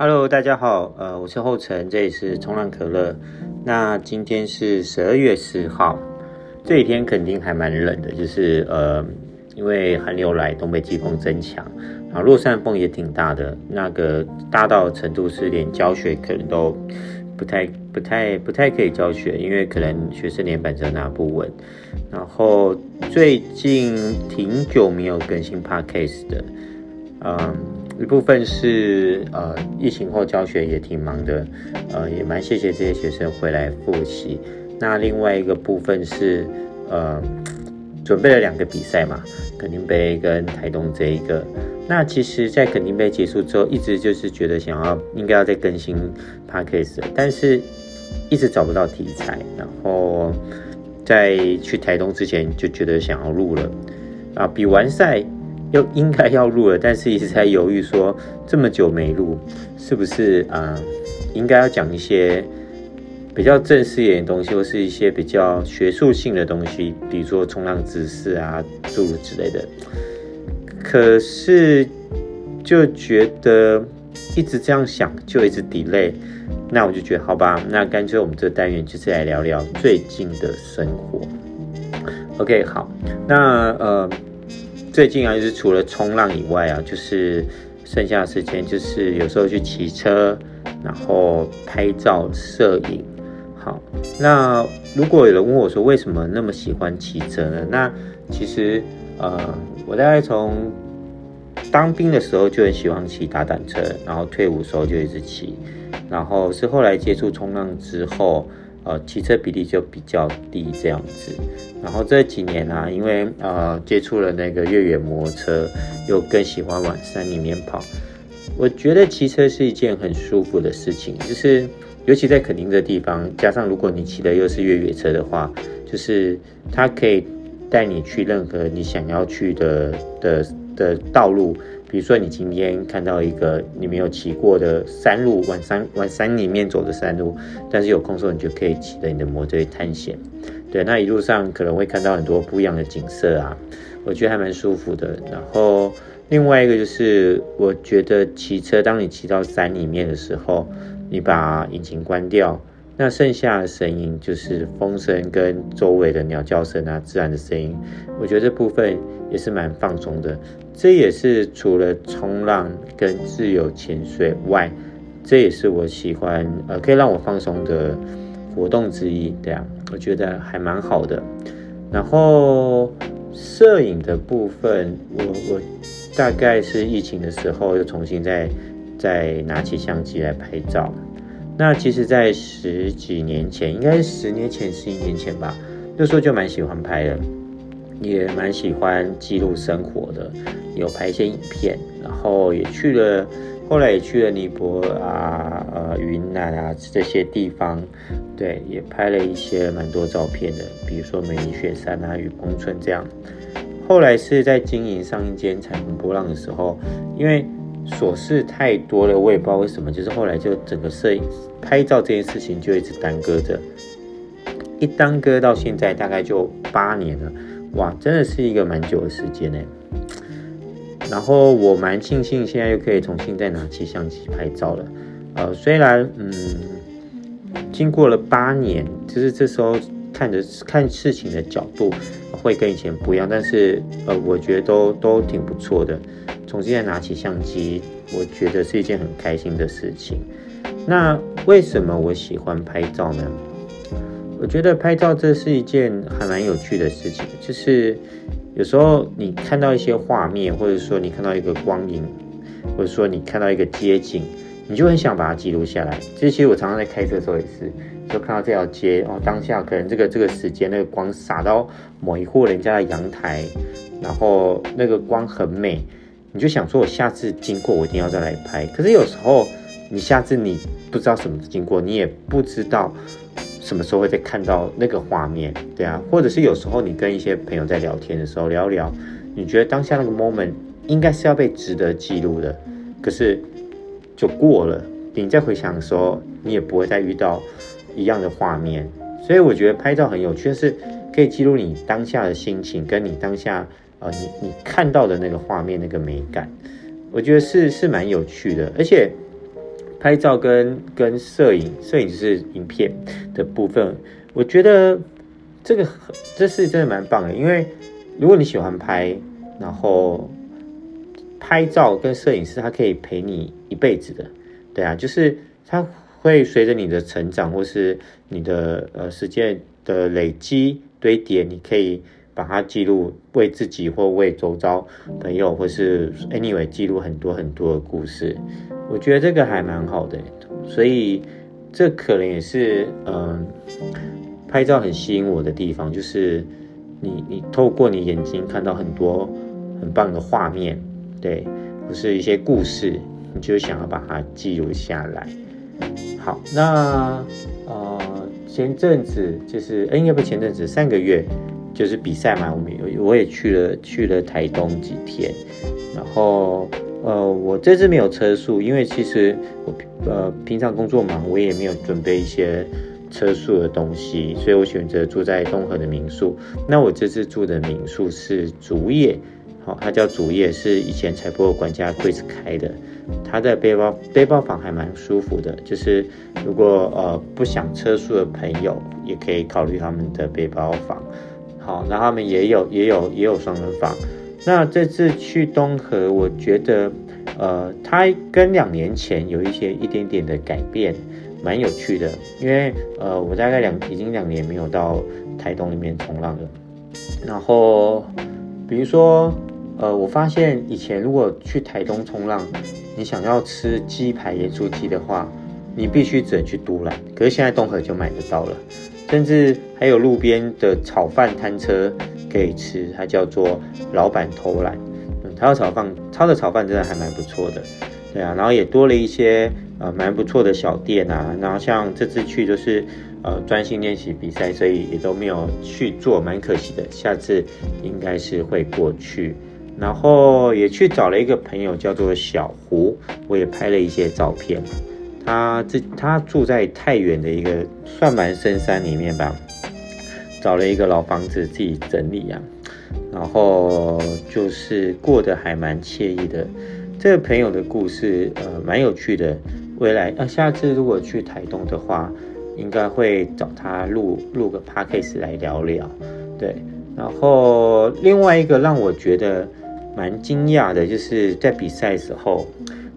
Hello，大家好，呃，我是後成，這裡是衝浪可樂。那今天是十二月十號，這幾天肯定還蠻冷的，就是呃，因為寒流來，東北季風增強，然後落山風也挺大的，那個大到程度是連教學可能都不太、不太、不太可以教學，因為可能學生連板子都拿不穩。然後最近挺久沒有更新 podcast 的，嗯、呃。一部分是呃，疫情後教學也挺忙的，呃，也蠻謝謝這些學生回來復習。那另外一個部分是呃，準備了兩個比賽嘛，墾丁杯跟台東這一個。那其實，在墾丁杯結束之後，一直就是覺得想要應該要再更新 podcast，但是一直找不到題材。然後在去台東之前，就覺得想要錄了啊，比完賽。又應該要錄了，但是一直在猶豫說，說這麼久沒錄，是不是啊、呃？應該要講一些比較正式一點的東西，或是一些比較學術性的東西，比如說衝浪姿勢啊、注入之類的。可是就覺得一直這樣想，就一直 delay。那我就覺得好吧，那乾脆我們這個單元就是來聊聊最近的生活。OK，好，那呃。最近啊，就是除了衝浪以外啊，就是剩下的時間就是有時候去騎車，然後拍照、攝影。好，那如果有人問我說為什麼那麼喜歡騎車呢？那其實呃，我大概從當兵的時候就很喜歡騎腳踏車，然後退伍的時候就一直騎，然後是後來接觸衝浪之後。呃，騎車比例就比較低，這樣子。然後這幾年啊，因為呃接觸了那個越野摩托車，又更喜歡往山裡面跑。我覺得騎車是一件很舒服的事情，就是尤其在墾丁這地方，加上如果你騎的又是越野車的話，就是它可以帶你去任何你想要去的的的道路。比如說，你今天看到一個你沒有騎過的山路，往山往山裡面走的山路，但是有空的時候，你就可以騎着你的摩托去探險。對，那一路上可能會看到很多不一樣的景色啊，我覺得還蠻舒服的。然後另外一個就是，我覺得騎車，當你騎到山裡面的時候，你把引擎關掉，那剩下的聲音就是風聲跟周圍的鳥叫聲啊，自然的聲音，我覺得這部分也是蠻放鬆的。這也是除了衝浪跟自由潛水外，這也是我喜歡呃可以讓我放鬆的活動之一，這樣、對啊、我覺得還蠻好的。然後攝影的部分，我我大概是疫情的時候又重新再再拿起相機來拍照。那其實，在十幾年前，應該是十年前、十一年前吧，那時候就蠻喜歡拍的。也蠻喜歡記錄生活的，有拍一些影片，然後也去了，後來也去了尼泊爾啊、呃雲南啊這些地方，對，也拍了一些蠻多照片的，比如說梅里雪山啊、雨崩村這樣。後來是在經營上一間彩虹波浪的時候，因為瑣事太多了，我也不知道為什麼，就是後來就整個攝影、拍照這件事情就一直耽擱着，一耽擱到現在大概就八年了。哇，真的是一個蠻久的時間欸。然後我蠻慶幸現在又可以重新再拿起相機拍照了。呃，雖然嗯，經過了八年，就是這時候看着看事情的角度，呃，會跟以前不一樣，但是呃，我覺得都都挺不錯的。重新再拿起相機，我覺得是一件很開心的事情。那為什麼我喜歡拍照呢？我覺得拍照這是一件還蠻有趣的事情，就是有時候你看到一些畫面，或者說你看到一個光影，或者說你看到一個街景，你就很想把它記錄下來。這些我常常在開車的時候也是，就看到這條街哦，當下可能這個這個時間那個光灑到某一戶人家的陽台，然後那個光很美，你就想說，我下次經過我一定要再來拍。可是有時候你下次你不知道什麼經過，你也不知道。什麼時候會再看到那個畫面？對啊，或者是有時候你跟一些朋友在聊天的時候聊聊，你覺得當下那個 moment 應該是要被值得記錄的，可是就過了。你再回想的時候，你也不會再遇到一樣的畫面。所以我覺得拍照很有趣是，是可以記錄你當下的心情，跟你當下呃你你看到的那個畫面那個美感，我覺得是是蠻有趣的，而且。拍照跟跟攝影，攝影是影片的部分，我覺得這個這是真的蠻棒的，因為如果你喜歡拍，然後拍照跟攝影師，他可以陪你一輩子的，對啊，就是他會隨着你的成長或是你的呃時間的累積堆疊，你可以。把它記錄，為自己或為周遭朋友，或是 anyway 記錄很多很多的故事。我覺得這個還蠻好的。欸，所以這可能也是嗯、呃，拍照很吸引我的地方，就是你你透過你眼睛看到很多很棒的畫面，對，不，就是一些故事，你就想要把它記錄下來。好，那呃前陣子就是欸，應該不前陣子三個月。就是比賽嘛，我有我也去了去了台東幾天，然後呃我這次沒有車宿，因為其實我呃平常工作忙，我也沒有準備一些車宿的東西，所以我選擇住在東河的民宿。那我這次住的民宿是竹葉，好、哦，它叫竹葉，是以前彩波管家櫃子開的。它的背包背包房還蠻舒服的，就是如果呃不想車宿的朋友，也可以考慮他們的背包房。好，然後，他們也有也有也有雙人房。那這次去東河，我覺得，呃，它跟兩年前有一些一點點的改變，蠻有趣的。因為，呃，我大概兩已經兩年沒有到台東裡面衝浪了。然後，比如說，呃，我發現以前如果去台東衝浪，你想要吃雞排鹽酥雞的話，你必須只能去都蘭。可是現在東河就買得到了。甚至還有路邊的炒飯攤車可以吃，它叫做老板偷懶，他炒飯，他的炒飯真的還蠻不錯的，對啊，然後也多了一些呃蠻不錯的小店啊，然後像這次去就是呃專心練習比賽，所以也都沒有去做，蠻可惜的，下次應該是會過去，然後也去找了一個朋友叫做小胡，我也拍了一些照片。他這他住在太原的一個算蠻深山裡面吧，找了一個老房子自己整理啊，然後就是過得還蠻愜意的。這個朋友的故事呃蠻有趣的。未來啊，下次如果去台東的話，應該會找他錄錄個 podcast 來聊聊。對，然後另外一個讓我覺得蠻驚訝的就是在比賽時候，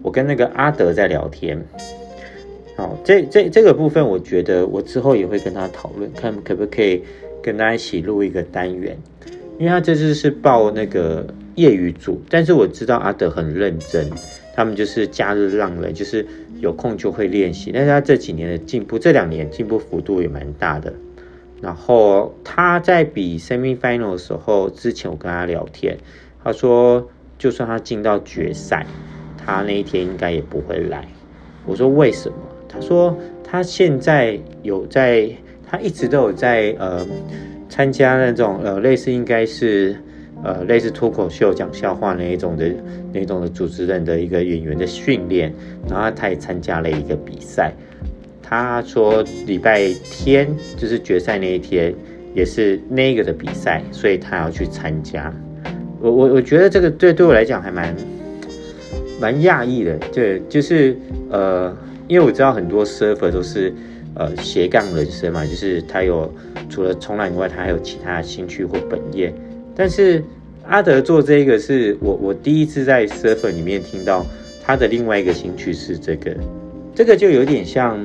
我跟那個阿德在聊天。好，這這這個部分，我覺得我之後也會跟他討論，看可不可以跟他一起錄一個單元，因為他這次是報那個業餘組，但是我知道阿德很認真，他們就是假日浪人，就是有空就會練習。但是他這幾年的進步，這兩年進步幅度也蠻大的。然後他在比 semi final 的時候，之前我跟他聊天，他說就算他進到決賽，他那一天應該也不會來。我說，為什麼？他說：“他現在有在，他一直都有在呃參加那種呃類似應該是呃類似脫口秀講笑話那一種的那種的主持人的一個演員的訓練。然後他也參加了一個比賽。他說禮拜天就是決賽那一天，也是那個的比賽，所以他要去參加。我我我覺得這個對對我來講還蠻蠻訝異的，對，就是呃。”因為我知道很多 surfer 都是呃斜槓人生嘛，就是他有除了衝浪以外，他還有其他興趣或本業。但是阿德做的這個是我我第一次在 surfer 裡面聽到他的另外一個興趣是這個，這個就有點像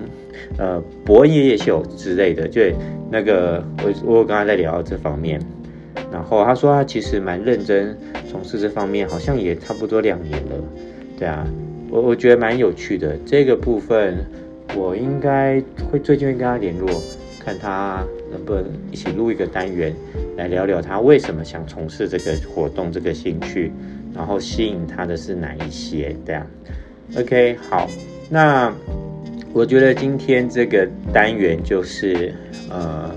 呃博恩夜夜秀之類的，就那個我我剛剛在聊到這方面，然後他說他其實蠻認真從事這方面，好像也差不多兩年了，對啊。我我覺得蠻有趣的這個部分，我應該會最近會跟他聯絡，看他能不能一起錄一個單元，來聊聊他為什麼想從事這個活動這個興趣，然後吸引他的是哪一些這樣。OK，好，那我覺得今天這個單元就是呃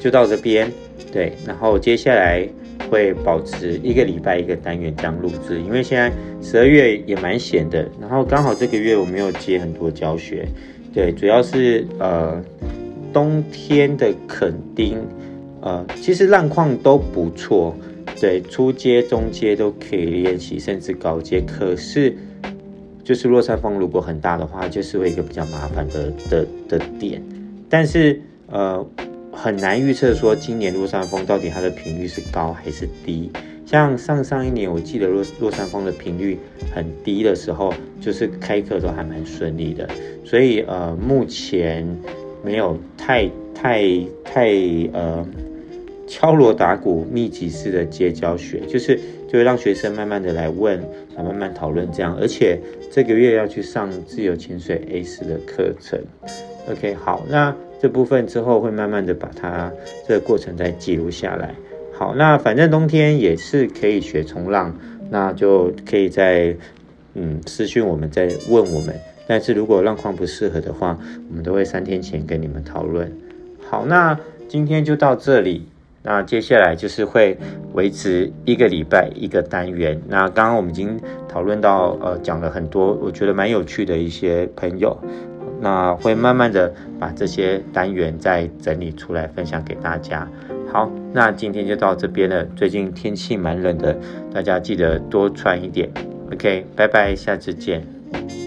就到這邊對，然後接下來。會保持一個禮拜一個單元這樣錄制，因為現在十二月也蠻閒的，然後剛好這個月我沒有接很多教學，對，主要是呃冬天的墾丁，呃其實浪況都不錯，對，初階、中階都可以練習，甚至高階，可是就是落山風如果很大的話，就是會一個比較麻煩的的的點，但是呃。很難預測說今年落山風到底它的頻率是高還是低。像上上一年，我記得落落山風的頻率很低的時候，就是開課都還蠻順利的。所以呃，目前沒有太太太呃敲鑼打鼓密集式的接教學，就是就會讓學生慢慢的來問。慢慢討論這樣，而且這個月要去上自由潛水 A 四的課程。OK，好，那這部分之後會慢慢的把它這個過程再記錄下來。好，那反正冬天也是可以學衝浪，那就可以在嗯私訊我們再問我們。但是如果浪況不適合的話，我們都會三天前跟你們討論。好，那今天就到這裡。那接下來就是會維持一個禮拜一個單元。那剛剛我們已經討論到，呃，講了很多，我覺得蠻有趣的一些朋友。那會慢慢的把這些單元再整理出來分享給大家。好，那今天就到這邊了。最近天氣蠻冷的，大家記得多穿一點。OK，拜拜，下次見。